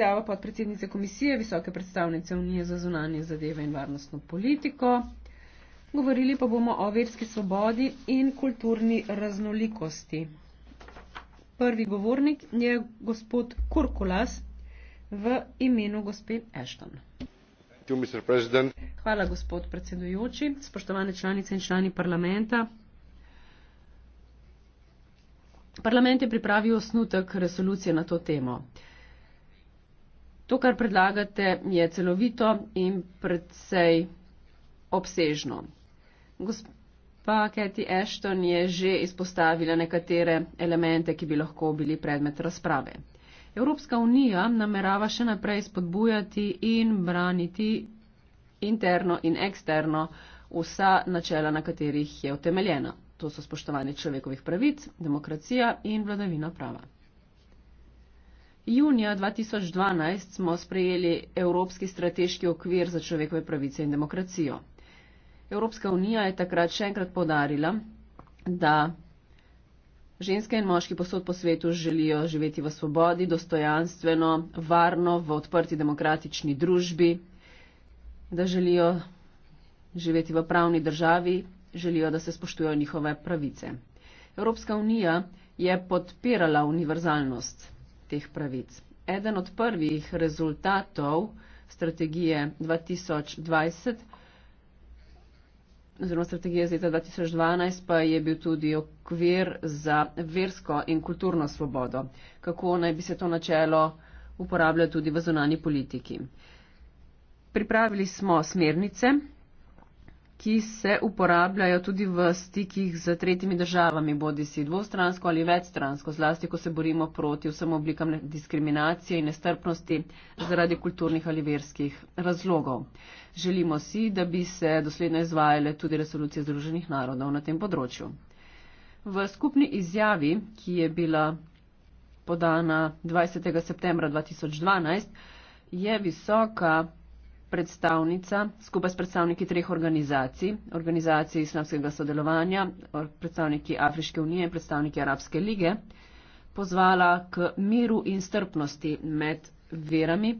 izjava podpredsednice komisije Visoke predstavnice Unije za zunanje zadeve in varnostno politiko. Govorili pa bomo o verski svobodi in kulturni raznolikosti. Prvi govornik je gospod Kurkulas v imenu gospe Ashton. Hvala, gospod predsedujoči, spoštovane članice in člani parlamenta. Parlament je pripravil osnutek resolucije na to temo. To, kar predlagate, je celovito in predvsej obsežno. Gospa Kathy Ashton je že izpostavila nekatere elemente, ki bi lahko bili predmet razprave. Evropska unija namerava še naprej spodbujati in braniti interno in eksterno vsa načela, na katerih je utemeljena. To so spoštovanje človekovih pravic, demokracija in vladavina prava. Junija 2012 smo sprejeli Evropski strateški okvir za človekove pravice in demokracijo. Evropska unija je takrat še enkrat podarila, da ženske in moški posod po svetu želijo živeti v svobodi, dostojanstveno, varno, v odprti demokratični družbi, da želijo živeti v pravni državi, želijo, da se spoštujo njihove pravice. Evropska unija je podpirala univerzalnost teh pravic. Eden od prvih rezultatov strategije 2020 oziroma strategije z leta 2012 pa je bil tudi okvir za versko in kulturno svobodo, kako naj bi se to načelo uporabljalo tudi v zonani politiki. Pripravili smo smernice, ki se uporabljajo tudi v stikih z tretjimi državami, bodi si dvostransko ali večstransko, zlasti ko se borimo proti vsem oblikam diskriminacije in nestrpnosti zaradi kulturnih ali verskih razlogov. Želimo si, da bi se dosledno izvajale tudi resolucije Združenih narodov na tem področju. V skupni izjavi, ki je bila podana 20. septembra 2012, je visoka predstavnica skupaj s predstavniki treh organizacij, organizacij islamskega sodelovanja, predstavniki Afriške unije in predstavniki Arabske lige, pozvala k miru in strpnosti med verami.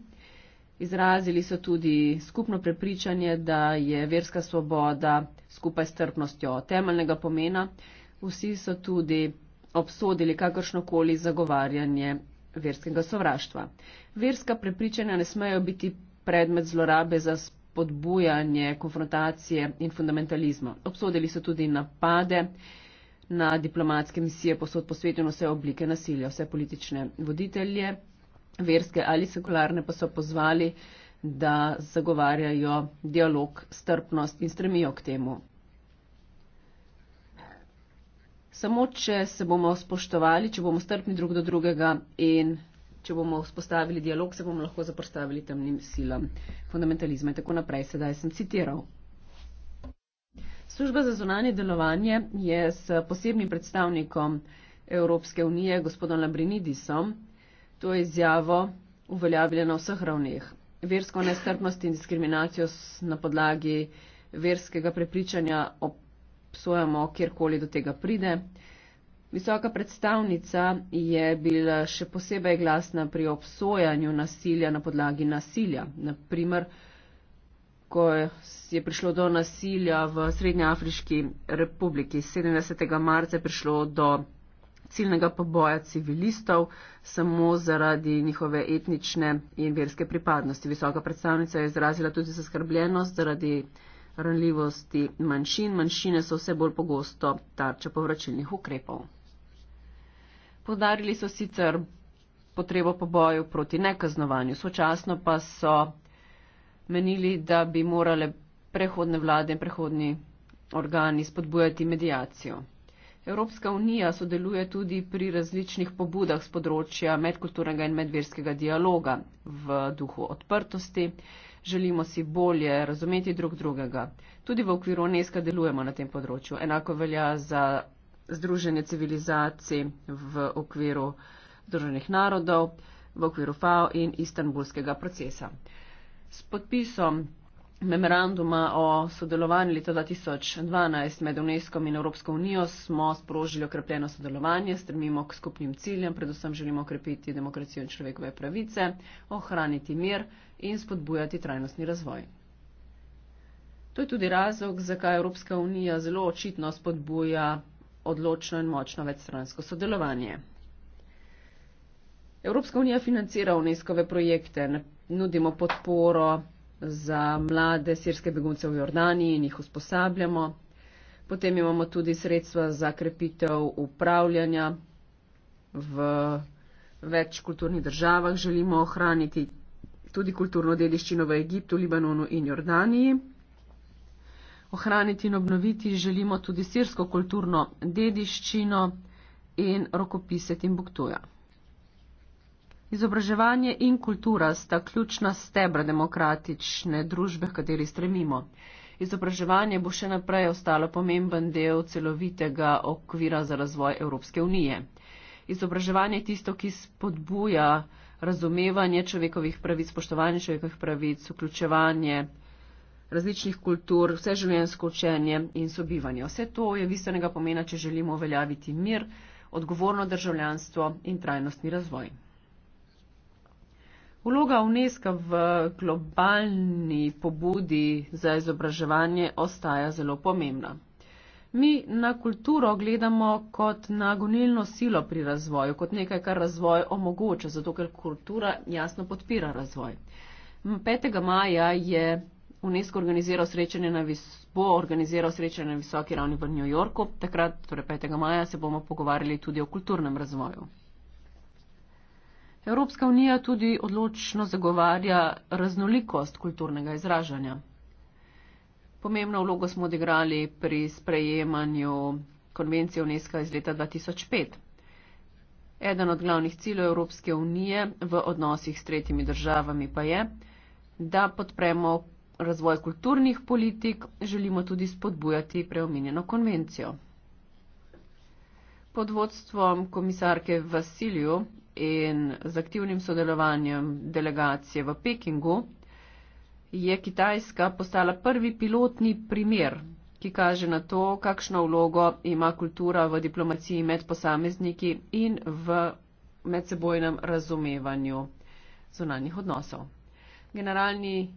Izrazili so tudi skupno prepričanje, da je verska svoboda skupaj s trpnostjo temeljnega pomena. Vsi so tudi obsodili kakršnokoli zagovarjanje verskega sovraštva. Verska prepričanja ne smejo biti predmet zlorabe za spodbujanje konfrontacije in fundamentalizma. Obsodili so tudi napade na diplomatske misije posod posvetljeno vse oblike nasilja, vse politične voditelje, verske ali sekularne pa so pozvali, da zagovarjajo dialog, strpnost in stremijo k temu. Samo, če se bomo spoštovali, če bomo strpni drug do drugega in če bomo vzpostavili dialog, se bomo lahko zaprstavili temnim silam fundamentalizma in tako naprej. Sedaj sem citiral. Služba za zunanje delovanje je s posebnim predstavnikom Evropske unije, gospodom Labrinidisom, to izjavo uveljavila na vseh ravneh. Versko nestrpnost in diskriminacijo na podlagi verskega prepričanja obsojamo, kjerkoli do tega pride. Visoka predstavnica je bila še posebej glasna pri obsojanju nasilja na podlagi nasilja. Naprimer, ko je prišlo do nasilja v Srednjeafriški republiki 70. marca, je prišlo do ciljnega poboja civilistov samo zaradi njihove etnične in verske pripadnosti. Visoka predstavnica je izrazila tudi zaskrbljenost zaradi ranljivosti manjšin. Manjšine so vse bolj pogosto tarče povračilnih ukrepov. Podarili so sicer potrebo po boju proti nekaznovanju, sočasno pa so menili, da bi morale prehodne vlade in prehodni organi spodbujati medijacijo. Evropska unija sodeluje tudi pri različnih pobudah z področja medkulturnega in medverskega dialoga v duhu odprtosti. Želimo si bolje razumeti drug drugega. Tudi v okviru UNESCO delujemo na tem področju. Enako velja za Združenje civilizacij v okviru Združenih narodov, v okviru FAO in istanbulskega procesa. S podpisom memoranduma o sodelovanju leta 2012 med UNESCO in Evropsko unijo smo sprožili okrepljeno sodelovanje, strmimo k skupnim ciljem, predvsem želimo okrepiti demokracijo in človekove pravice, ohraniti mir in spodbujati trajnostni razvoj. To je tudi razlog, zakaj Evropska unija zelo očitno spodbuja odločno in močno večstransko sodelovanje. Evropska unija financira UNESCO-ve projekte, nudimo podporo za mlade sirske begunce v Jordaniji in jih usposabljamo. Potem imamo tudi sredstva za krepitev upravljanja v več kulturnih državah. Želimo ohraniti tudi kulturno dediščino v Egiptu, Libanonu in Jordaniji ohraniti in obnoviti želimo tudi sirsko kulturno dediščino in rokopise Timbuktuja. Izobraževanje in kultura sta ključna stebra demokratične družbe, v kateri stremimo. Izobraževanje bo še naprej ostalo pomemben del celovitega okvira za razvoj Evropske unije. Izobraževanje je tisto, ki spodbuja razumevanje človekovih pravic, spoštovanje človekovih pravic, vključevanje različnih kultur, vse življenjsko učenje in sobivanje. Vse to je visenega pomena, če želimo uveljaviti mir, odgovorno državljanstvo in trajnostni razvoj. Vloga UNESCO v globalni pobudi za izobraževanje ostaja zelo pomembna. Mi na kulturo gledamo kot na gonilno silo pri razvoju, kot nekaj, kar razvoj omogoča, zato ker kultura jasno podpira razvoj. 5. maja je UNESCO organiziral srečanje na visoko bo organiziral srečanje na visoki ravni v New Yorku. Takrat, torej 5. maja, se bomo pogovarjali tudi o kulturnem razvoju. Evropska unija tudi odločno zagovarja raznolikost kulturnega izražanja. Pomembno vlogo smo odigrali pri sprejemanju konvencije UNESCO iz leta 2005. Eden od glavnih ciljev Evropske unije v odnosih s tretjimi državami pa je, da podpremo razvoj kulturnih politik želimo tudi spodbujati preomenjeno konvencijo. Pod vodstvom komisarke Vasilju in z aktivnim sodelovanjem delegacije v Pekingu je Kitajska postala prvi pilotni primer, ki kaže na to, kakšno vlogo ima kultura v diplomaciji med posamezniki in v medsebojnem razumevanju zunanjih odnosov. Generalni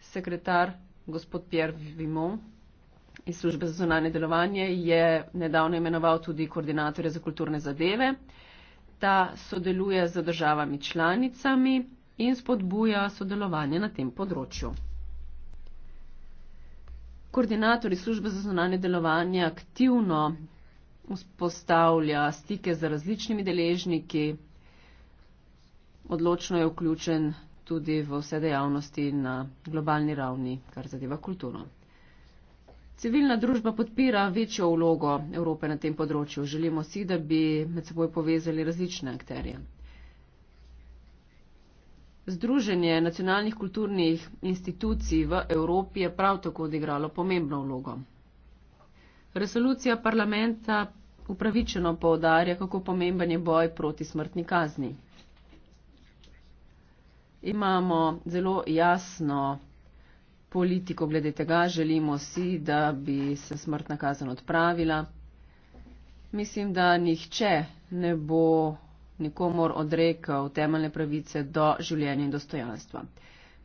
sekretar gospod Pierre Vimon iz službe za zonalne delovanje je nedavno imenoval tudi koordinatorja za kulturne zadeve. Ta sodeluje z državami članicami in spodbuja sodelovanje na tem področju. Koordinatorji službe za zonalne delovanje aktivno vzpostavlja stike z različnimi deležniki, odločno je vključen tudi v vse dejavnosti na globalni ravni, kar zadeva kulturo. Civilna družba podpira večjo vlogo Evrope na tem področju. Želimo si, da bi med seboj povezali različne akterje. Združenje nacionalnih kulturnih institucij v Evropi je prav tako odigralo pomembno vlogo. Resolucija parlamenta upravičeno poudarja, kako pomemben je boj proti smrtni kazni imamo zelo jasno politiko glede tega. Želimo si, da bi se smrtna kazen odpravila. Mislim, da nihče ne bo nikomor odrekal temeljne pravice do življenja in dostojanstva.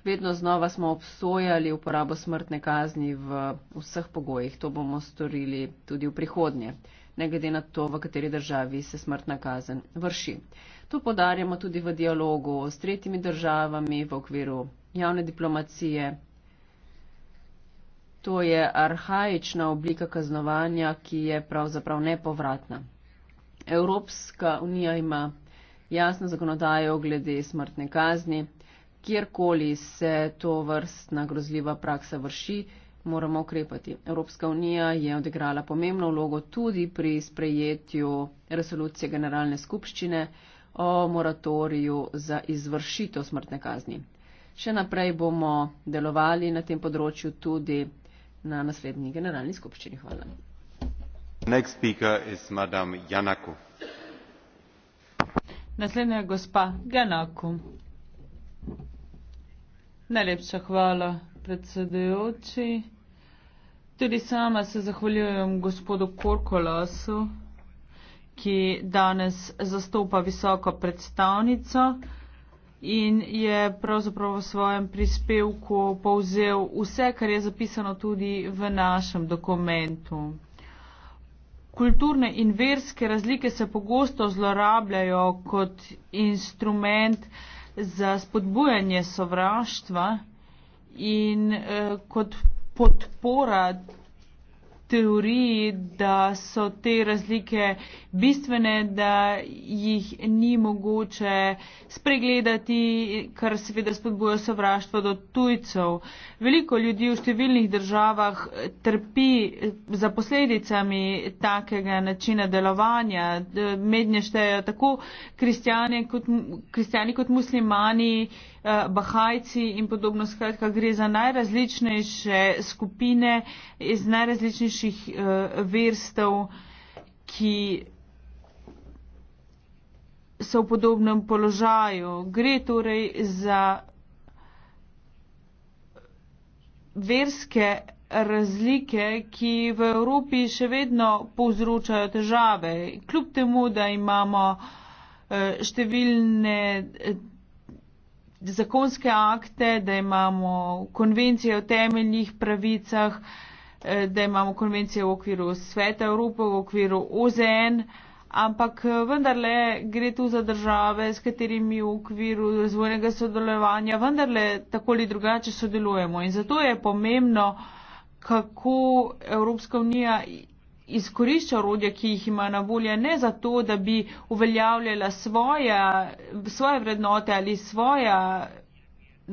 Vedno znova smo obsojali uporabo smrtne kazni v vseh pogojih. To bomo storili tudi v prihodnje, ne glede na to, v kateri državi se smrtna kazen vrši. To podarjamo tudi v dialogu s tretjimi državami v okviru javne diplomacije. To je arhajična oblika kaznovanja, ki je pravzaprav nepovratna. Evropska unija ima jasno zakonodajo glede smrtne kazni. Kjerkoli se to vrstna grozljiva praksa vrši, moramo ukrepati. Evropska unija je odigrala pomembno vlogo tudi pri sprejetju resolucije generalne skupščine o moratoriju za izvršitev smrtne kazni. Še naprej bomo delovali na tem področju tudi na naslednji generalni skupščini. Hvala. Naslednja je gospa Janaku. Najlepša hvala, predsedujoči. Tudi sama se zahvaljujem gospodu Korkolasu ki danes zastopa visoko predstavnico in je pravzaprav v svojem prispevku povzel vse, kar je zapisano tudi v našem dokumentu. Kulturne in verske razlike se pogosto zlorabljajo kot instrument za spodbujanje sovraštva in eh, kot podpora teoriji, da so te razlike bistvene, da jih ni mogoče spregledati, kar seveda spodbuja sovraštvo do tujcev. Veliko ljudi v številnih državah trpi za posledicami takega načina delovanja. Mednje štejo tako kristjani kot, kristjani kot muslimani. Eh, bahajci in podobno. Skratka, gre za najrazličnejše skupine iz najrazličnejših eh, verstev, ki so v podobnem položaju. Gre torej za verske razlike, ki v Evropi še vedno povzročajo težave. Kljub temu, da imamo eh, številne zakonske akte, da imamo konvencije o temeljnih pravicah, eh, da imamo konvencije v okviru Sveta Evrope, v okviru OZN, ampak eh, vendarle gre tu za države, s katerimi v okviru razvojnega sodelovanja vendarle tako ali drugače sodelujemo. In zato je pomembno, kako Evropska unija izkorišča orodja, ki jih ima na volje, ne zato, da bi uveljavljala svoje, svoje vrednote ali svoja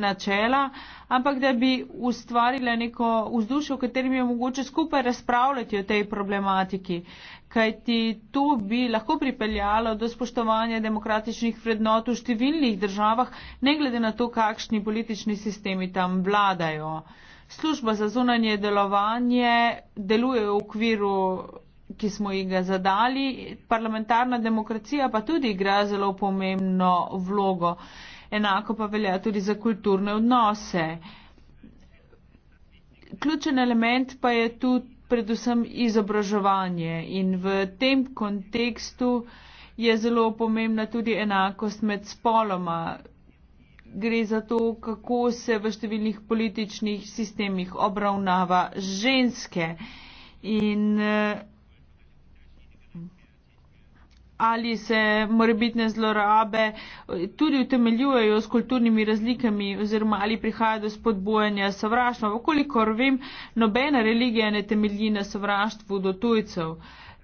načela, ampak da bi ustvarila neko vzdušje, v katerem je mogoče skupaj razpravljati o tej problematiki. Kajti to bi lahko pripeljalo do spoštovanja demokratičnih vrednot v številnih državah, ne glede na to, kakšni politični sistemi tam vladajo služba za zunanje delovanje deluje v okviru, ki smo ji ga zadali, parlamentarna demokracija pa tudi igra zelo pomembno vlogo. Enako pa velja tudi za kulturne odnose. Ključen element pa je tu predvsem izobraževanje in v tem kontekstu je zelo pomembna tudi enakost med spoloma gre za to, kako se v številnih političnih sistemih obravnava ženske in eh, ali se morebitne zlorabe eh, tudi utemeljujejo s kulturnimi razlikami oziroma ali prihaja do spodbojanja sovraštva. Vkolikor vem, nobena religija ne temelji na sovraštvu do tujcev.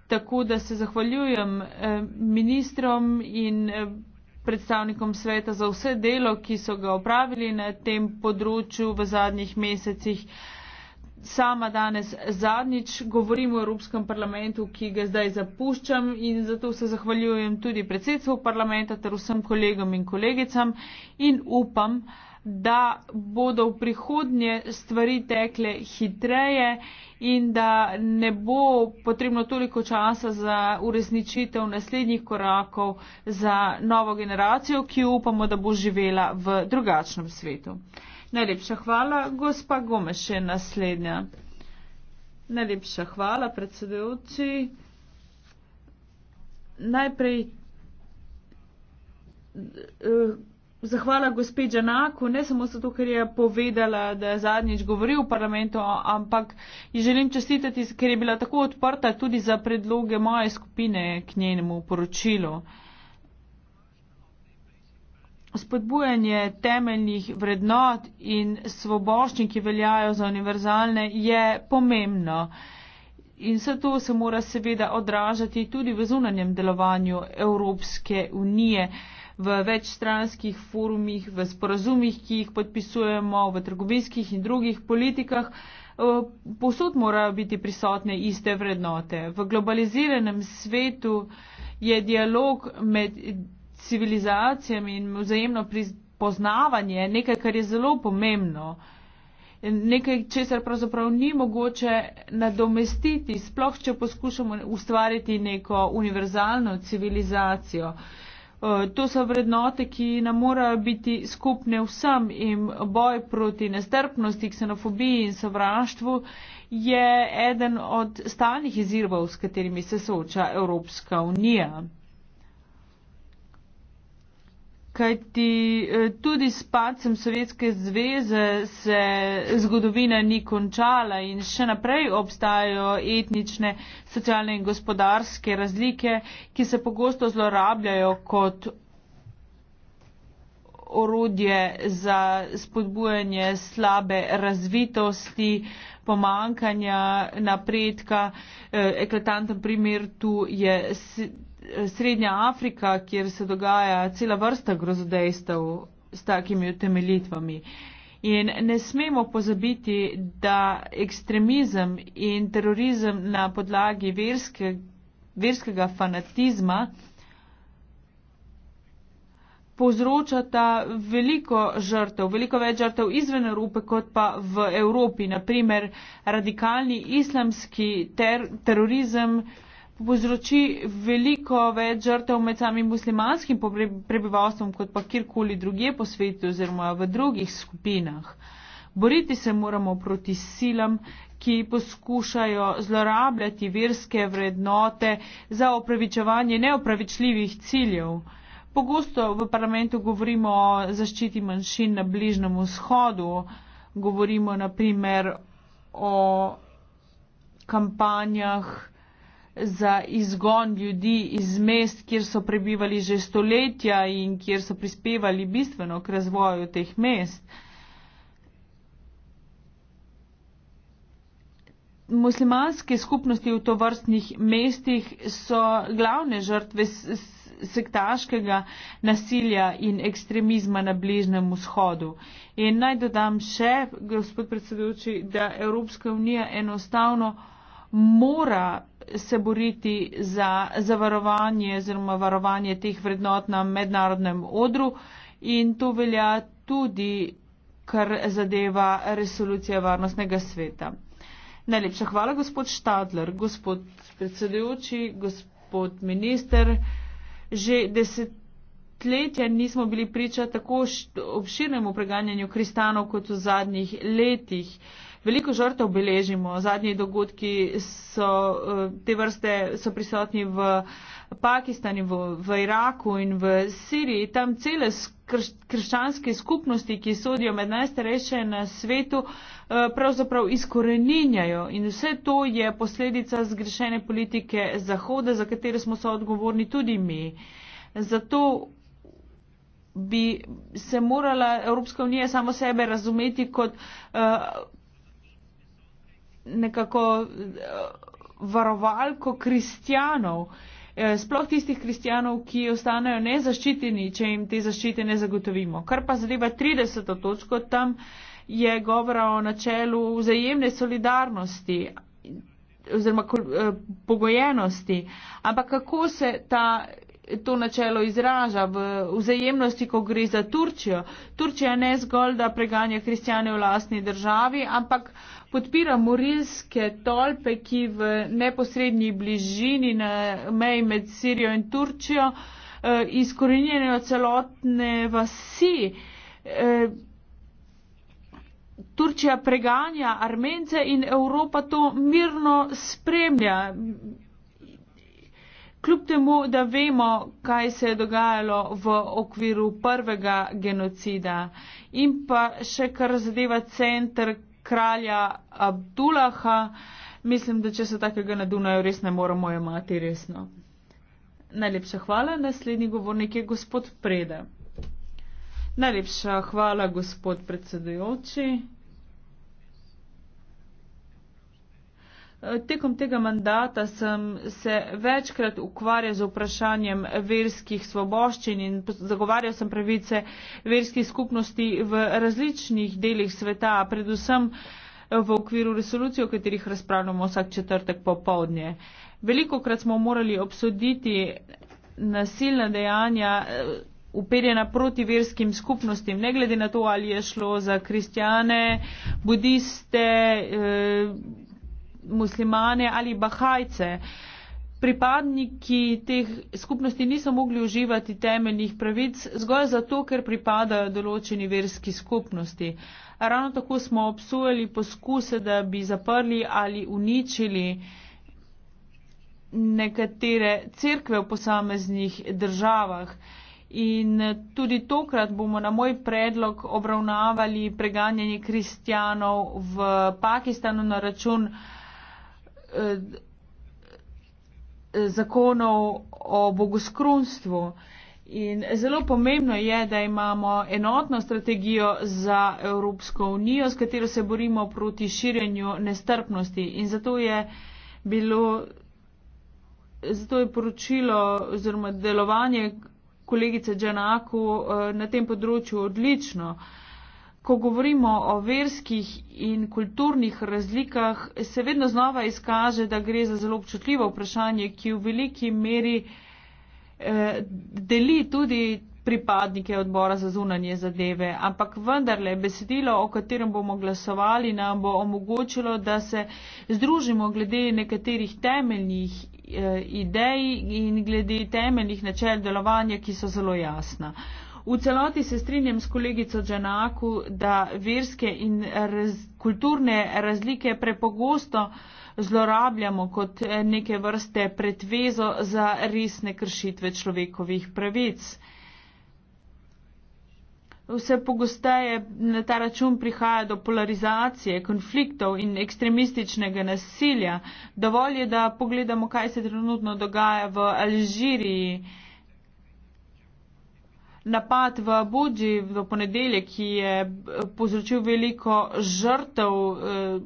Tako da se zahvaljujem eh, ministrom in predstavnikom sveta za vse delo, ki so ga opravili na tem področju v zadnjih mesecih. Sama danes zadnjič govorim o Evropskem parlamentu, ki ga zdaj zapuščam in zato se zahvaljujem tudi predsedstvu parlamenta ter vsem kolegom in kolegicam in upam, da da bodo v prihodnje stvari tekle hitreje in da ne bo potrebno toliko časa za uresničitev naslednjih korakov za novo generacijo, ki upamo, da bo živela v drugačnem svetu. Najlepša hvala, gospa Gomeš je naslednja. Najlepša hvala, predsedujoči. Najprej. Uh, zahvala gospe Đanaku, ne samo zato, ker je povedala, da je zadnjič govoril v parlamentu, ampak ji želim čestitati, ker je bila tako odprta tudi za predloge moje skupine k njenemu poročilu. Spodbujanje temeljnih vrednot in svoboščin, ki veljajo za univerzalne, je pomembno. In vse to se mora seveda odražati tudi v zunanjem delovanju Evropske unije v večstranskih forumih, v sporazumih, ki jih podpisujemo, v trgovinskih in drugih politikah. Eh, Posod morajo biti prisotne iste vrednote. V globaliziranem svetu je dialog med civilizacijami in vzajemno poznavanje nekaj, kar je zelo pomembno. Nekaj, česar pravzaprav ni mogoče nadomestiti, sploh če poskušamo ustvariti neko univerzalno civilizacijo. Eh, to so vrednote, ki nam morajo biti skupne vsem in boj proti nestrpnosti, ksenofobiji in sovraštvu je eden od stalnih izzivov, s katerimi se sooča Evropska unija kajti eh, tudi s pacem Sovjetske zveze se zgodovina ni končala in še naprej obstajajo etnične, socialne in gospodarske razlike, ki se pogosto zlorabljajo kot orodje za spodbujanje slabe razvitosti, pomankanja, napredka. Eh, eklatanten primer tu je. Srednja Afrika, kjer se dogaja cela vrsta grozodejstev s takimi utemelitvami. In ne smemo pozabiti, da ekstremizem in terorizem na podlagi verske, verskega fanatizma povzročata veliko žrtev, veliko več žrtev izven Evrope kot pa v Evropi. Naprimer, radikalni islamski ter terorizem povzroči veliko več žrtev med samim muslimanskim prebivalstvom, kot pa kjerkoli druge po svetu oziroma v drugih skupinah. Boriti se moramo proti silam, ki poskušajo zlorabljati verske vrednote za opravičevanje neopravičljivih ciljev. Pogosto v parlamentu govorimo o zaščiti manjšin na bližnjem vzhodu, govorimo naprimer o kampanjah, za izgon ljudi iz mest, kjer so prebivali že stoletja in kjer so prispevali bistveno k razvoju teh mest. Muslimanske skupnosti v tovrstnih mestih so glavne žrtve sektaškega nasilja in ekstremizma na Bližnem vzhodu. In naj dodam še, gospod predsedujoči, da Evropska unija enostavno mora se boriti za zavarovanje oziroma varovanje teh vrednot na mednarodnem odru in to velja tudi, kar zadeva resolucije Varnostnega sveta. Najlepša hvala, gospod Štadler, gospod predsedujoči, gospod minister. Že desetletja nismo bili priča tako obširnemu preganjanju kristanov kot v zadnjih letih veliko žrtev beležimo. Zadnji dogodki so eh, te vrste so prisotni v Pakistanu, v, v Iraku in v Siriji. Tam cele krščanske skupnosti, ki sodijo med najstarejše na svetu, eh, pravzaprav izkoreninjajo. In vse to je posledica zgrešene politike Zahoda, za katero smo soodgovorni tudi mi. Zato bi se morala Evropska unija samo sebe razumeti kot uh, nekako eh, varovalko kristijanov, eh, sploh tistih kristijanov, ki ostanejo nezaščiteni, če jim te zaščite ne zagotovimo. Kar pa zadeva 30. točko, tam je govora o načelu vzajemne solidarnosti oziroma eh, pogojenosti. Ampak kako se ta, to načelo izraža v vzajemnosti, ko gre za Turčijo? Turčija ne zgolj, da preganja kristijane v lastni državi, ampak uh, podpira morilske tolpe, ki v neposrednji bližini na meji med Sirijo in Turčijo eh, izkorenjenijo celotne vasi. Eh, Turčija preganja Armence in Evropa to mirno spremlja. Kljub temu, da vemo, kaj se je dogajalo v okviru prvega genocida in pa še kar zadeva center, kralja Abdullaha. Mislim, da če se takega na Dunaju res ne moramo imati resno. Najlepša hvala, naslednji govornik je gospod Prede. Najlepša hvala, gospod predsedujoči. Tekom tega mandata sem se večkrat ukvarjal z vprašanjem verskih svoboščin in zagovarjal sem pravice verskih skupnosti v različnih delih sveta, predvsem eh, v okviru resolucij, o katerih razpravljamo vsak četrtek popovdnje. Veliko krat smo morali obsoditi nasilna dejanja eh, uperjena proti verskim skupnostim, ne glede na to, ali je šlo za kristjane, budiste. Eh, muslimane ali bahajce. Pripadniki teh skupnosti niso mogli uživati temeljnih pravic zgolj zato, ker pripadajo določeni verski skupnosti. Ravno tako smo obsojali poskuse, da bi zaprli ali uničili nekatere cerkve v posameznih državah. In tudi tokrat bomo na moj predlog obravnavali preganjanje kristjanov v Pakistanu na račun Eh, zakonov o bogoskrunstvu. In zelo pomembno je, da imamo enotno strategijo za Evropsko unijo, s katero se borimo proti širjenju nestrpnosti. In zato je bilo, zato je poročilo oziroma delovanje kolegice Džanaku eh, na tem področju odlično. Uh, ko govorimo o verskih in kulturnih razlikah, se vedno znova izkaže, da gre za zelo občutljivo vprašanje, ki v veliki meri eh, deli tudi pripadnike odbora za zunanje zadeve. Ampak vendarle, besedilo, o katerem bomo glasovali, nam bo omogočilo, da se združimo glede nekaterih temeljnih eh, idej in glede temeljnih načel delovanja, ki so zelo jasna. V celoti se strinjam s kolegico Džanaku, da verske in raz, kulturne razlike prepogosto zlorabljamo kot eh, neke vrste pretvezo za resne kršitve človekovih pravic. Vse pogosteje na ta račun prihaja do polarizacije, konfliktov in ekstremističnega nasilja. Dovolj je, da pogledamo, kaj se trenutno dogaja v Alžiriji napad v Abuji v ponedeljek, ki je eh, povzročil veliko žrtev, eh,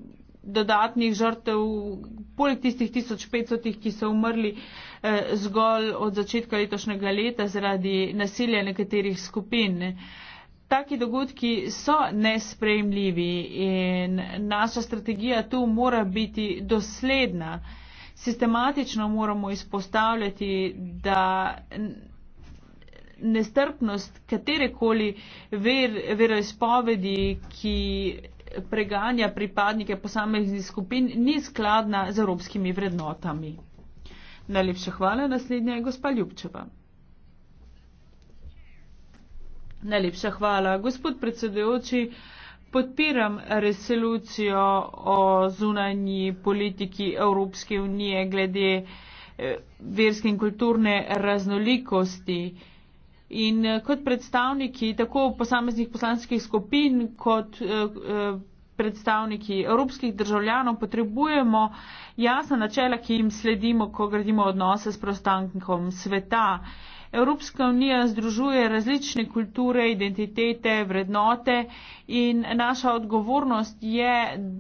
dodatnih žrtev, poleg tistih 1500, ki so umrli eh, zgolj od začetka letošnjega leta zaradi nasilja nekaterih skupin. Taki dogodki so nespremljivi in naša strategija tu mora biti dosledna. Sistematično moramo izpostavljati, da nestrpnost katerekoli ver, veroizpovedi, ki preganja pripadnike posameznih skupin, ni skladna z evropskimi vrednotami. Najlepša hvala, naslednja je gospa Ljubčeva. Najlepša hvala, gospod predsedujoči. Podpiram resolucijo o zunanji politiki Evropske unije glede eh, verske in kulturne raznolikosti. In eh, kot predstavniki tako posameznih poslanskih skupin, kot eh, eh, predstavniki evropskih državljanov potrebujemo jasna načela, ki jim sledimo, ko gradimo odnose s prostankom sveta. Evropska unija združuje različne kulture, identitete, vrednote in naša odgovornost je,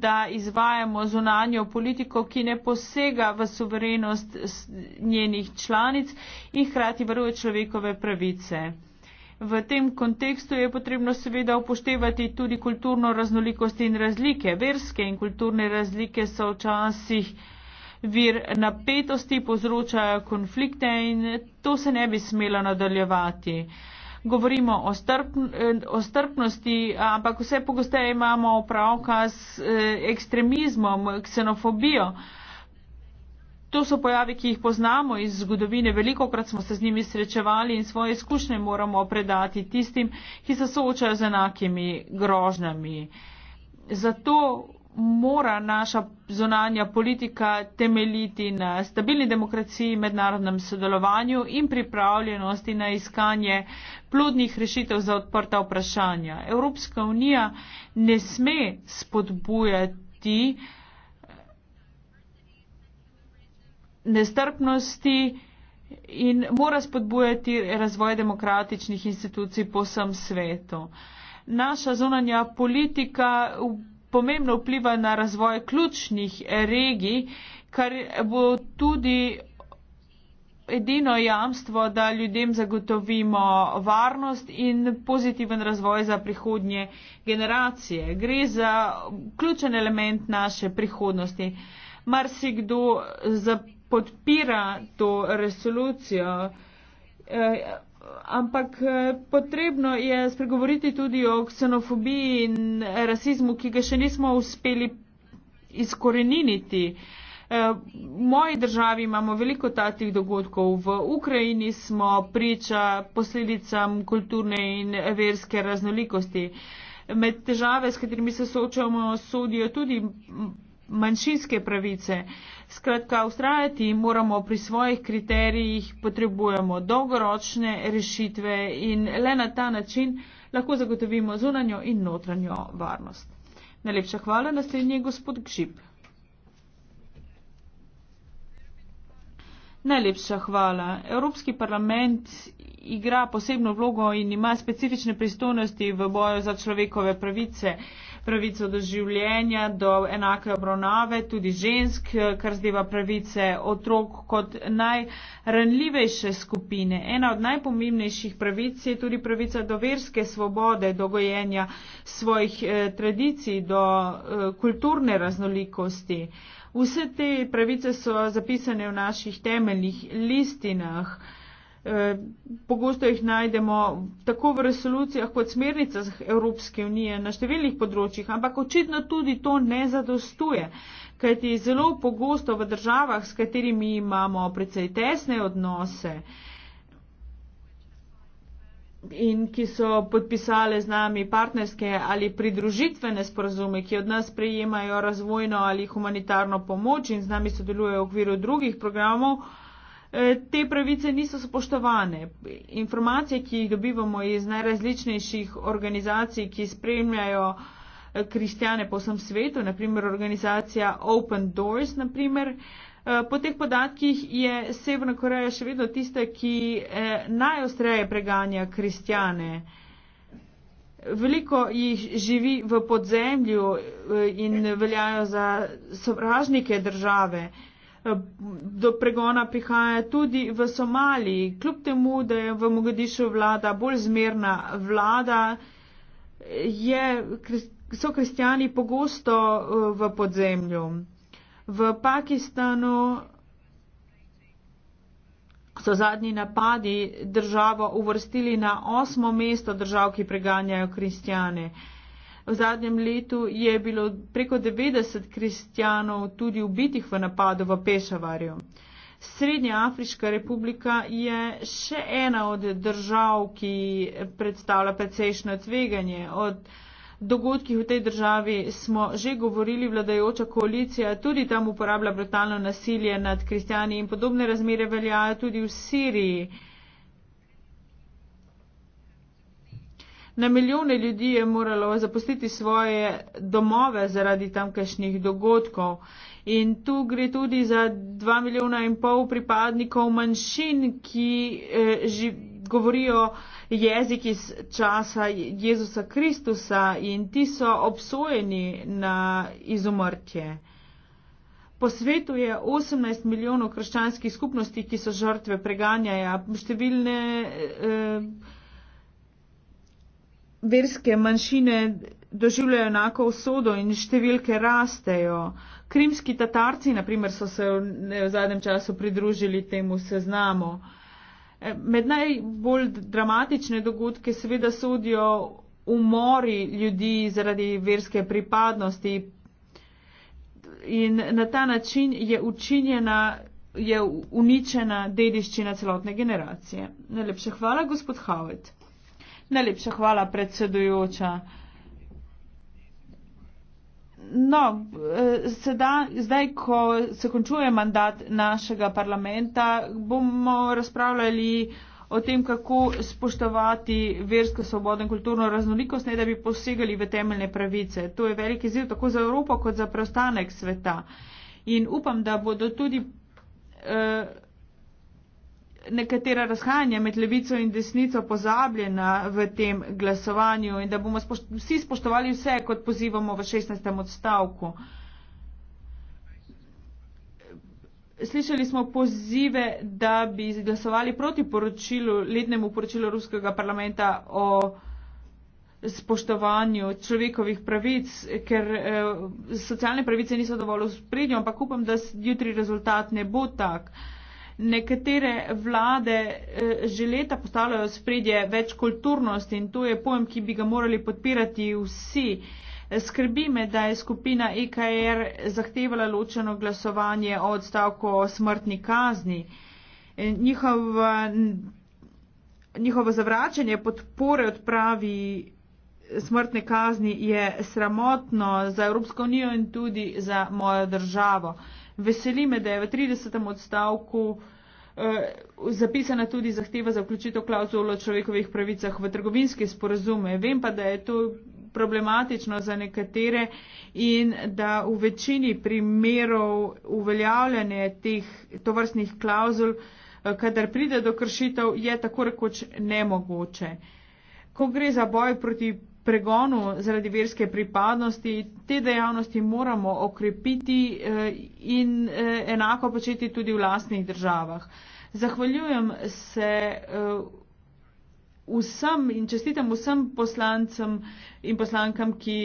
da izvajamo zunanjo politiko, ki ne posega v suverenost njenih članic in hkrati varuje človekove pravice. V tem kontekstu je potrebno seveda upoštevati tudi kulturno raznolikost in razlike. Verske in kulturne razlike so včasih vir napetosti, povzročajo konflikte in to se ne bi smelo nadaljevati. Govorimo o, strpn, o strpnosti, ampak vse pogosteje imamo opravka s eh, ekstremizmom, ksenofobijo. To so pojavi, ki jih poznamo iz zgodovine. Veliko krat smo se z njimi srečevali in svoje izkušnje moramo predati tistim, ki se soočajo z enakimi grožnami. Zato mora naša zunanja politika temeljiti na stabilni demokraciji, mednarodnem sodelovanju in pripravljenosti na iskanje plodnih rešitev za odprta vprašanja. Evropska unija ne sme spodbujati nestrpnosti in mora spodbujati razvoj demokratičnih institucij po vsem svetu. Naša zunanja politika pomembno vpliva na razvoj ključnih regij, kar bo tudi edino jamstvo, da ljudem zagotovimo varnost in pozitiven razvoj za prihodnje generacije. Gre za ključen element naše prihodnosti. Mar si kdo podpira to resolucijo? Eh, Ampak eh, potrebno je spregovoriti tudi o ksenofobiji in rasizmu, ki ga še nismo uspeli izkoreniniti. Eh, v moji državi imamo veliko takih dogodkov. V Ukrajini smo priča posledicam kulturne in verske raznolikosti. Med težave, s katerimi se soočamo, sodijo tudi manjšinske pravice. Skratka, ustrajati moramo pri svojih kriterijih, potrebujemo dolgoročne rešitve in le na ta način lahko zagotovimo zunanjo in notranjo varnost. Najlepša hvala, naslednji je gospod Gžip. Najlepša hvala. Evropski parlament igra posebno vlogo in ima specifične pristojnosti v boju za človekove pravice pravico do življenja, do enake obravnave, tudi žensk, kar zdeva pravice otrok kot najranljivejše skupine. Ena od najpomembnejših pravic je tudi pravica do verske svobode, do gojenja svojih eh, tradicij, do eh, kulturne raznolikosti. Vse te pravice so zapisane v naših temeljnih listinah. Eh, pogosto jih najdemo tako v resolucijah kot smernicah Evropske unije na številnih področjih, ampak očitno tudi to ne zadostuje, kajti zelo pogosto v državah, s katerimi imamo precej tesne odnose in ki so podpisale z nami partnerske ali pridružitvene sporazume, ki od nas prejemajo razvojno ali humanitarno pomoč in z nami sodelujejo v okviru drugih programov, Eh, te pravice niso spoštovane. Informacije, ki jih dobivamo iz najrazličnejših organizacij, ki spremljajo eh, kristjane po vsem svetu, naprimer organizacija Open Doors, naprimer, eh, po teh podatkih je Severna Koreja še vedno tista, ki najostreje preganja kristjane. Veliko jih živi v podzemlju in veljajo za sovražnike države. Eh, do pregona prihaja tudi v Somaliji, kljub temu, da je v Mogadišu vlada bolj zmerna vlada, je, so kristjani pogosto eh, v podzemlju. V Pakistanu so zadnji napadi državo uvrstili na osmo mesto držav, ki preganjajo kristjane. Uh, V zadnjem letu je bilo preko 90 kristjanov tudi ubitih v napadu v Pešavarju. Srednja Afriška republika je še ena od držav, ki predstavlja precejšno tveganje. O dogodkih v tej državi smo že govorili, vladajoča koalicija tudi tam uporablja brutalno nasilje nad kristjani in podobne razmere veljajo tudi v Siriji. Na milijone ljudi je moralo zapustiti svoje domove zaradi tamkajšnjih dogodkov. In tu gre tudi za dva milijona in pol pripadnikov manjšin, ki eh, živ, govorijo jezik iz časa Jezusa Kristusa in ti so obsojeni na izumrtje. Po svetu je 18 milijonov krščanskih skupnosti, ki so žrtve preganjaja. Številne. Eh, verske manjšine doživljajo enako usodo in številke rastejo. Krimski tatarci, naprimer, so se v, ne, v zadnjem času pridružili temu seznamu. E, med najbolj dramatične dogodke seveda sodijo umori ljudi zaradi verske pripadnosti in na ta način je učinjena, je uničena dediščina celotne generacije. Najlepša hvala, gospod Havet. Najlepša hvala, predsedujoča. No, zdaj, ko se končuje mandat našega parlamenta, bomo razpravljali o tem, kako spoštovati versko svobodo in kulturno raznolikost, ne da bi posegali v temeljne pravice. To je veliki ziv tako za Evropo kot za preostanek sveta. In upam, da bodo tudi. Uh, nekatera razhajanja med levico in desnico pozabljena v tem glasovanju in da bomo spošt vsi spoštovali vse, kot pozivamo v 16. odstavku. Slišali smo pozive, da bi glasovali proti poročilu, letnemu poročilu Ruskega parlamenta o spoštovanju človekovih pravic, ker eh, socialne pravice niso dovolj v spredju, ampak upam, da jutri rezultat ne bo tak. Eh, nekatere vlade eh, že leta postavljajo spredje več kulturnost in to je pojem, ki bi ga morali podpirati vsi. Skrbi me, da je skupina EKR zahtevala ločeno glasovanje o odstavku o smrtni kazni. Eh, njihovo, njihovo zavračanje podpore odpravi smrtne kazni je sramotno za Evropsko unijo in tudi za mojo državo. Veseli me, da je v 30. odstavku uh, zapisana tudi zahteva za vključitev klauzulo o človekovih pravicah v trgovinske sporazume. Vem pa, da je to problematično za nekatere in da v večini primerov uveljavljanje teh tovrstnih klauzul, eh, kadar pride do kršitev, je tako rekoč nemogoče. Ko gre za boj proti pregonu zaradi verske pripadnosti. Te dejavnosti moramo okrepiti eh, in eh, enako početi tudi v lastnih državah. Zahvaljujem se eh, vsem in čestitam vsem poslancem in poslankam, ki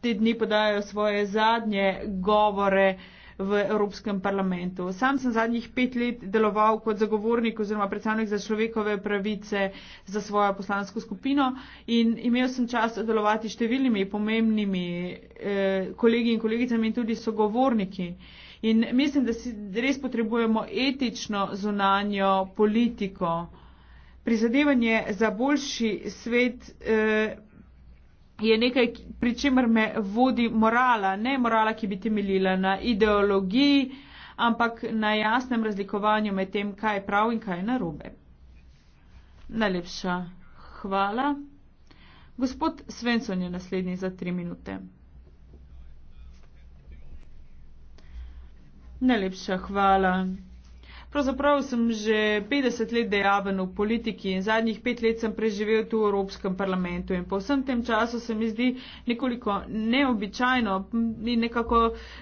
te dni podajo svoje zadnje govore v Evropskem parlamentu. Sam sem zadnjih pet let deloval kot zagovornik oziroma predstavnik za človekove pravice za svojo poslansko skupino in imel sem čas delovati s številnimi pomembnimi eh, kolegi in kolegicami in tudi sogovorniki. In mislim, da si res potrebujemo etično zunanjo politiko. Prizadevanje za boljši svet. Eh, je nekaj, pri čemer me vodi morala, ne morala, ki bi temeljila na ideologiji, ampak na jasnem razlikovanju med tem, kaj je prav in kaj je narobe. Najlepša hvala. Gospod Svensson je naslednji za tri minute. Najlepša hvala. Pravzaprav sem že 50 let dejaven v politiki in zadnjih pet let sem preživel tu v Evropskem parlamentu in po vsem tem času se mi zdi nekoliko neobičajno in nekako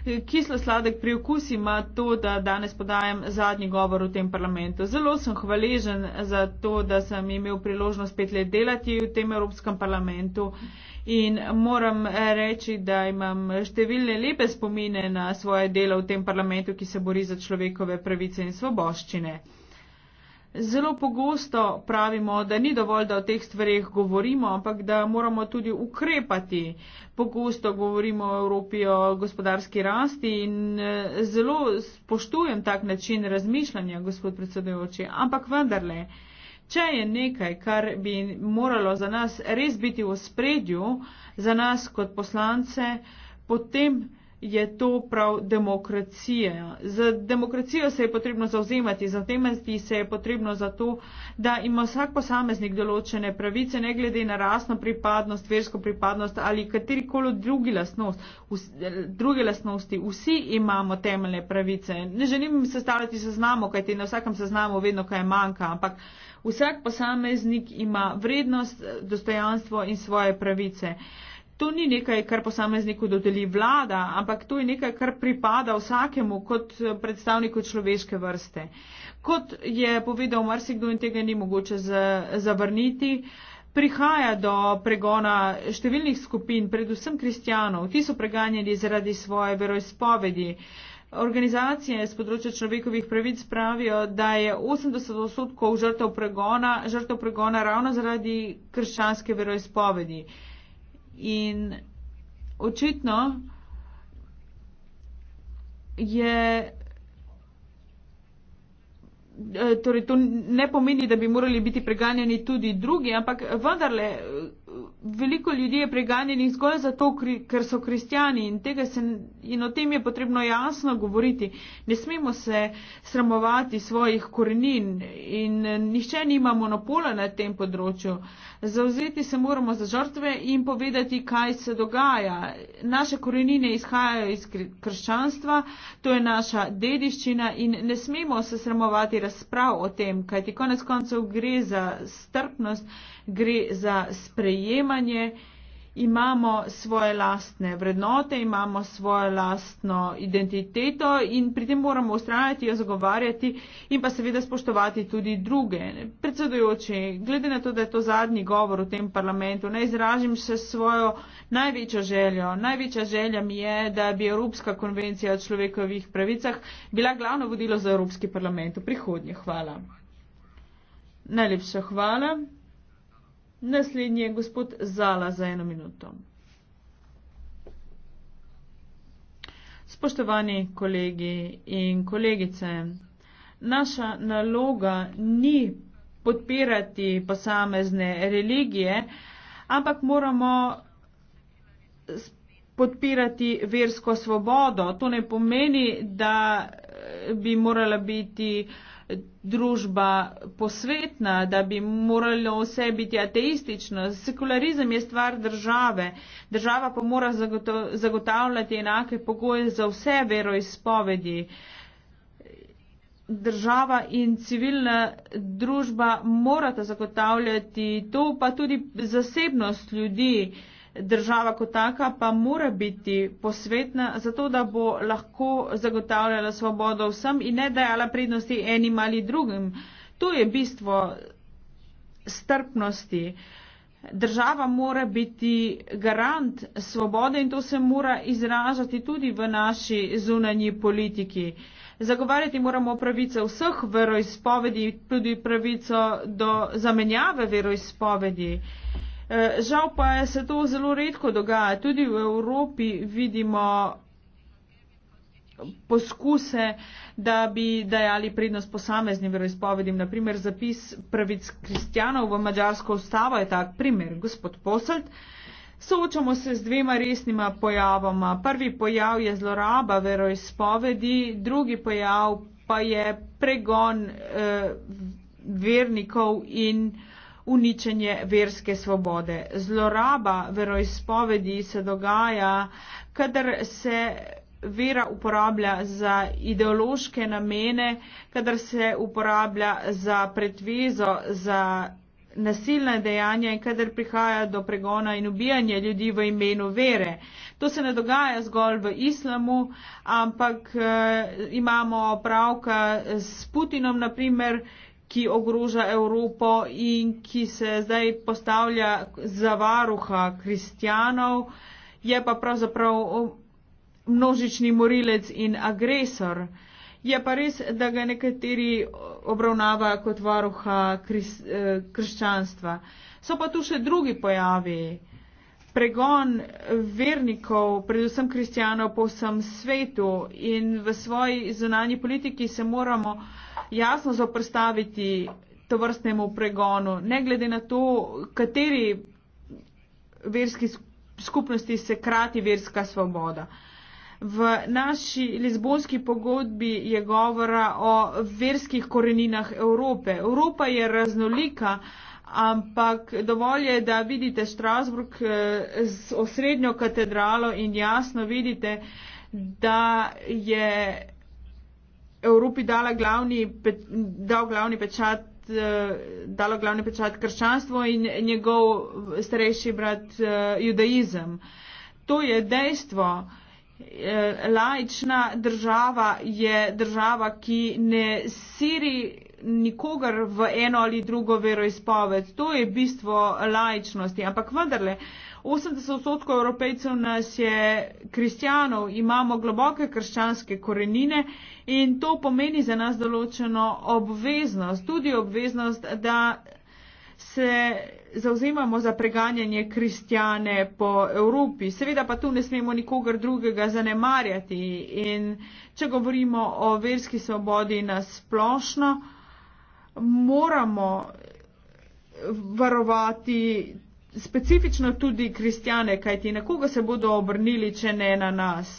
eh, kislo sladek pri okusi ima to, da danes podajam zadnji govor v tem parlamentu. Zelo sem hvaležen za to, da sem imel priložnost pet let delati v tem Evropskem parlamentu In moram eh, reči, da imam številne lepe spomine na svoje delo v tem parlamentu, ki se bori za človekove pravice in svoboščine. Zelo pogosto pravimo, da ni dovolj, da o teh stvarih govorimo, ampak da moramo tudi ukrepati. Pogosto govorimo o Evropi, o gospodarski rasti in eh, zelo spoštujem tak način razmišljanja, gospod predsedujoči. Ampak vendarle, Če je nekaj, kar bi moralo za nas res biti v spredju, za nas kot poslance, potem je to prav demokracija. Za demokracijo se je potrebno zauzemati, za temesti se je potrebno za to, da ima vsak posameznik določene pravice, ne glede na rasno pripadnost, versko pripadnost ali katerikoli drugi lasnost, druge lasnosti. Vsi imamo temeljne pravice. Ne želim sestavljati seznamo, kajti na vsakem seznamu vedno kaj manjka, ampak vsak posameznik ima vrednost, dostojanstvo in svoje pravice to ni nekaj, kar posamezniku dodeli vlada, ampak to je nekaj, kar pripada vsakemu kot predstavniku človeške vrste. Kot je povedal marsikdo in tega ni mogoče zavrniti, prihaja do pregona številnih skupin, predvsem kristijanov. Ti so preganjeni zaradi svoje veroizpovedi. Organizacije z področja človekovih pravic pravijo, da je 80 odstotkov žrtev pregona, žrtev pregona ravno zaradi krščanske veroizpovedi. In očitno je. Eh, torej, to ne pomeni, da bi morali biti preganjeni tudi drugi, ampak vendarle veliko ljudi je preganjenih zgolj zato, ker so kristijani in, in o tem je potrebno jasno govoriti. Ne smemo se sramovati svojih korenin in nišče nima monopola na tem področju. Zauzeti se moramo za žrtve in povedati, kaj se dogaja. Naše korenine izhajajo iz krščanstva, to je naša dediščina in ne smemo se sramovati razprav o tem, kajti konec koncev gre za strpnost, gre za sprejemanje delovanje, imamo svoje lastne vrednote, imamo svojo lastno identiteto in pri tem moramo ustrajati, jo zagovarjati in pa seveda spoštovati tudi druge. Predsedujoči, glede na to, da je to zadnji govor v tem parlamentu, naj izražim še svojo največjo željo. Največja želja mi je, da bi Evropska konvencija o človekovih pravicah bila glavno vodilo za Evropski parlament v prihodnje. Hvala. Najlepša hvala. Naslednji je gospod Zala za eno minuto. Spoštovani kolegi in kolegice, naša naloga ni podpirati posamezne religije, ampak moramo podpirati versko svobodo. To ne pomeni, da bi morala biti uh, družba posvetna, da bi moralo vse biti ateistično. Sekularizem je stvar države. Država pa mora zagotav zagotavljati enake pogoje za vse veroizpovedi. Država in civilna družba morata zagotavljati to, pa tudi zasebnost ljudi. Uh, država kot taka pa mora biti posvetna, zato da bo lahko zagotavljala svobodo vsem in ne dajala prednosti enim ali drugim. To je bistvo strpnosti. Država mora biti garant svobode in to se mora izražati tudi v naši zunanji politiki. Zagovarjati moramo pravico vseh veroizpovedi, tudi pravico do zamenjave veroizpovedi. Eh, žal pa se to zelo redko dogaja. Tudi v Evropi vidimo poskuse, da bi dajali prednost posameznim veroizpovedim. Naprimer, zapis pravic kristjanov v mađarsko ustavo je tak primer. Gospod Poselt, soočamo se z dvema resnima pojavoma. Prvi pojav je zloraba veroizpovedi, drugi pojav pa je pregon eh, vernikov in eh, uničenje verske svobode. Zloraba veroizpovedi se dogaja, kadar se vera uporablja za ideološke namene, kadar se uporablja za pretvezo, za nasilna dejanja in kadar prihaja do pregona in ubijanja ljudi v imenu vere. To se ne dogaja zgolj v islamu, ampak eh, imamo opravka s Putinom, naprimer, ki ogroža Evropo in ki se zdaj postavlja za varuha kristjanov, je pa pravzaprav množični morilec in agresor. Je pa res, da ga nekateri obravnava kot varuha eh, krščanstva. So pa tu še drugi pojavi. Pregon vernikov, predvsem kristjanov po vsem svetu in v svoji zunanji politiki se moramo jasno zaprstaviti to vrstnemu pregonu, ne glede na to, kateri verski skupnosti se krati verska svoboda. V naši lizbonski pogodbi je govora o verskih koreninah Evrope. Evropa je raznolika, ampak dovolj je, da vidite Strasburg eh, z osrednjo katedralo in jasno vidite, da je Evropi dala glavni, pe, dal glavni pečat, eh, dalo glavni pečat krščanstvo in njegov starejši brat eh, judaizem. To je dejstvo. Eh, laična država je država, ki ne siri nikogar v eno ali drugo veroizpoved. To je bistvo laičnosti. Ampak vendarle, uh, 80 odstotkov evropejcev nas je kristijanov, imamo globoke krščanske korenine in to pomeni za nas določeno obveznost, tudi obveznost, da se zauzemamo za preganjanje kristijane po Evropi. Seveda pa tu ne smemo nikogar drugega zanemarjati in če govorimo o verski svobodi nasplošno, moramo varovati specifično tudi kristjane, kajti na koga se bodo obrnili, če ne na nas.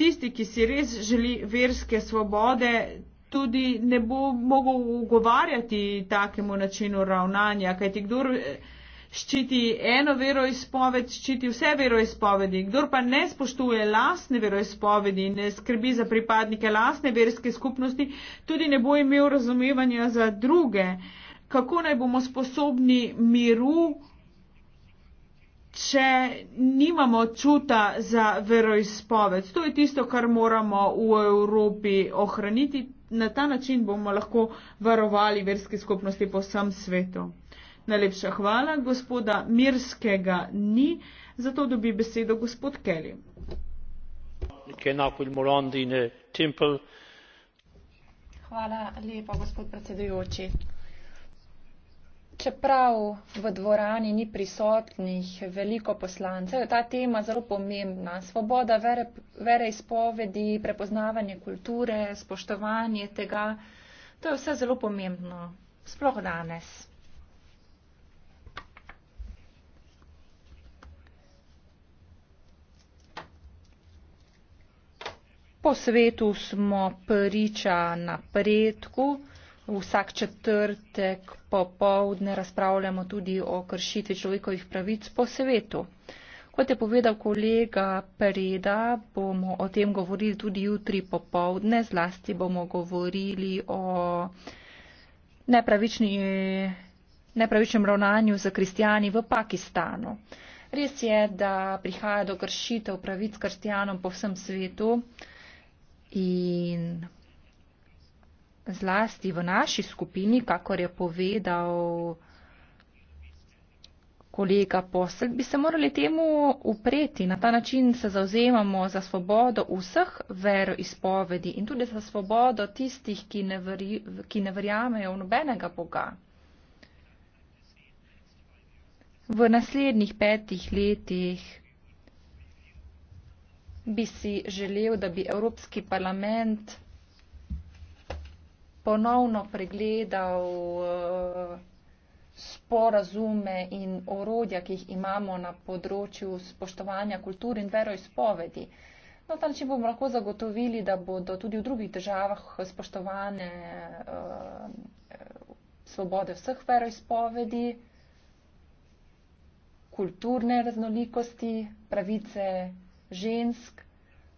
Tisti, ki si res želi verske svobode, tudi ne bo mogel ugovarjati takemu načinu ravnanja, kajti kdor eh, ščiti eno veroizpoved, ščiti vse veroizpovedi. Kdor pa ne spoštuje lasne veroizpovedi in ne skrbi za pripadnike lasne verske skupnosti, tudi ne bo imel razumevanja za druge. Kako naj bomo sposobni miru če nimamo čuta za veroizpoved. To je tisto, kar moramo v Evropi ohraniti. Na ta način bomo lahko varovali verske skupnosti po vsem svetu. Najlepša hvala, gospoda Mirskega ni, zato dobi besedo gospod Kelly. Hvala lepa, gospod predsedujoči. Čeprav v dvorani ni prisotnih veliko poslancev, je ta tema zelo pomembna. Svoboda vere, vere izpovedi, prepoznavanje kulture, spoštovanje tega, to je vse zelo pomembno, sploh danes. Po svetu smo priča napredku. Vsak četrtek popovdne razpravljamo tudi o kršitvi človekovih pravic po svetu. Kot je povedal kolega Pereda, bomo o tem govorili tudi jutri popovdne, zlasti bomo govorili o nepravičnem ravnanju za kristijani v Pakistanu. Res je, da prihaja do kršitev pravic kristijanom po vsem svetu in zlasti v naši skupini, kakor je povedal kolega posel, bi se morali temu upreti. Na ta način se zauzemamo za svobodo vseh veroizpovedi in tudi za svobodo tistih, ki ne, vri, ki ne verjamejo v nobenega Boga. V naslednjih petih letih bi si želel, da bi Evropski parlament ponovno pregledal eh, sporazume in orodja, ki jih imamo na področju spoštovanja kultur in veroizpovedi. Na no, ta način bomo lahko zagotovili, da bodo tudi v drugih državah spoštovane eh, svobode vseh veroizpovedi, kulturne raznolikosti, pravice žensk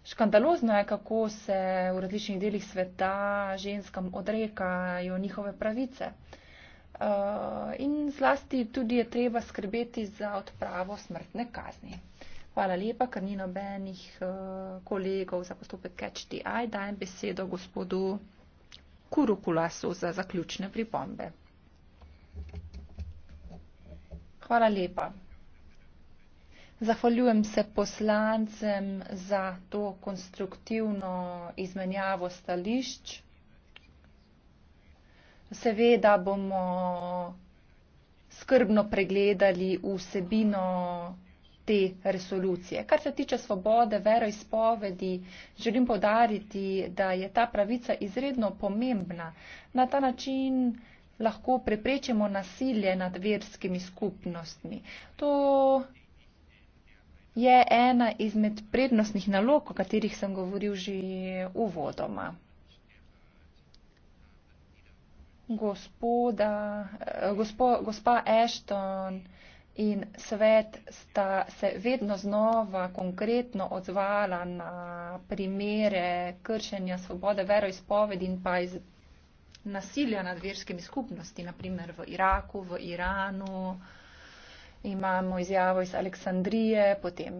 Škandalozno je, kako se v različnih delih sveta ženskam odrekajo njihove pravice. Eh, in zlasti tudi je treba skrbeti za odpravo smrtne kazni. Hvala lepa, ker ni nobenih eh, kolegov za postopek Catch the Eye. Dajem besedo gospodu Kurukulasu za zaključne pripombe. Hvala lepa. Zahvaljujem se poslancem za to konstruktivno izmenjavo stališč. Seveda bomo skrbno pregledali vsebino te resolucije. Kar se tiče svobode veroizpovedi, želim povdariti, da je ta pravica izredno pomembna. Na ta način lahko preprečimo nasilje nad verskimi skupnostmi. To je ena izmed prednostnih nalog, o katerih sem govoril že uvodoma. Gospoda, eh, gospo, gospa Ashton in svet sta se vedno znova konkretno odzvala na primere kršenja svobode veroizpovedi in pa iz nasilja nad verskimi skupnosti, naprimer v Iraku, v Iranu, imamo izjavo iz Aleksandrije, potem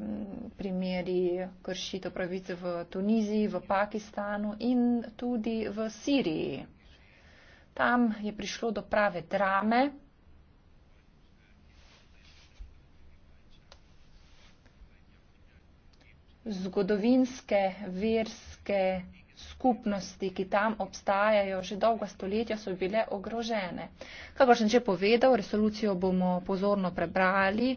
primeri kršitev pravic v Tuniziji, v Pakistanu in tudi v Siriji. Tam je prišlo do prave drame. Zgodovinske, verske skupnosti, ki tam obstajajo že dolga stoletja, so bile ogrožene. Kako sem že povedal, resolucijo bomo pozorno prebrali,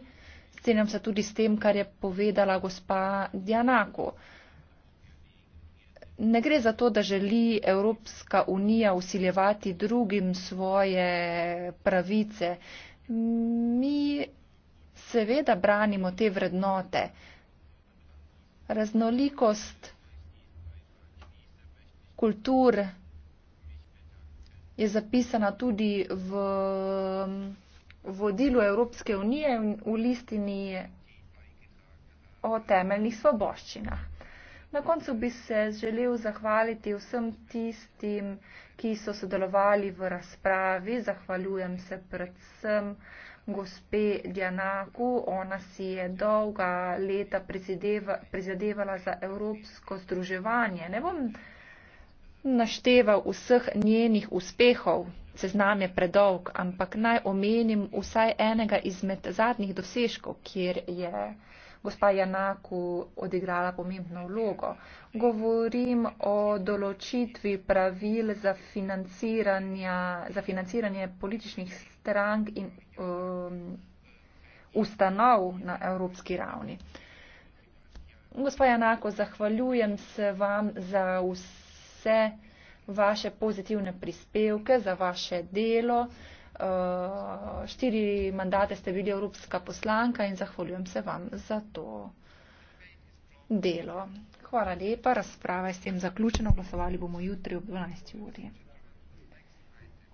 strinjam se tudi s tem, kar je povedala gospa Djanako. Ne gre za to, da želi Evropska unija usiljevati drugim svoje pravice. Mi seveda branimo te vrednote. Raznolikost kultur je zapisana tudi v vodilu Evropske unije in v listini o temeljnih svoboščinah. Na koncu bi se želel zahvaliti vsem tistim, ki so sodelovali v razpravi. Zahvaljujem se predvsem gospe Djanaku. Ona si je dolga leta prizadevala za evropsko združevanje. Ne bom našteval vseh njenih uspehov, seznam je predolg, ampak naj omenim vsaj enega izmed zadnjih dosežkov, kjer je gospa Janaku odigrala pomembno vlogo. Govorim o določitvi pravil za, za financiranje političnih strank in um, ustanov na evropski ravni. Gospa Janako, zahvaljujem se vam za vse vse vaše pozitivne prispevke za vaše delo. Uh, štiri mandate ste bili evropska poslanka in zahvaljujem se vam za to delo. Hvala lepa, razprava je s tem zaključena, glasovali bomo jutri ob 12. uri.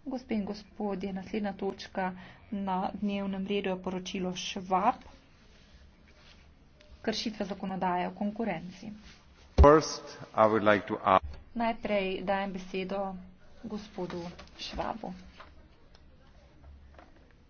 Gospe in gospodje, naslednja točka na dnevnem redu je poročilo Švab, kršitve zakonodaje o konkurenci. First, I would like to ask... Najprej dajem besedo gospodu Švabu.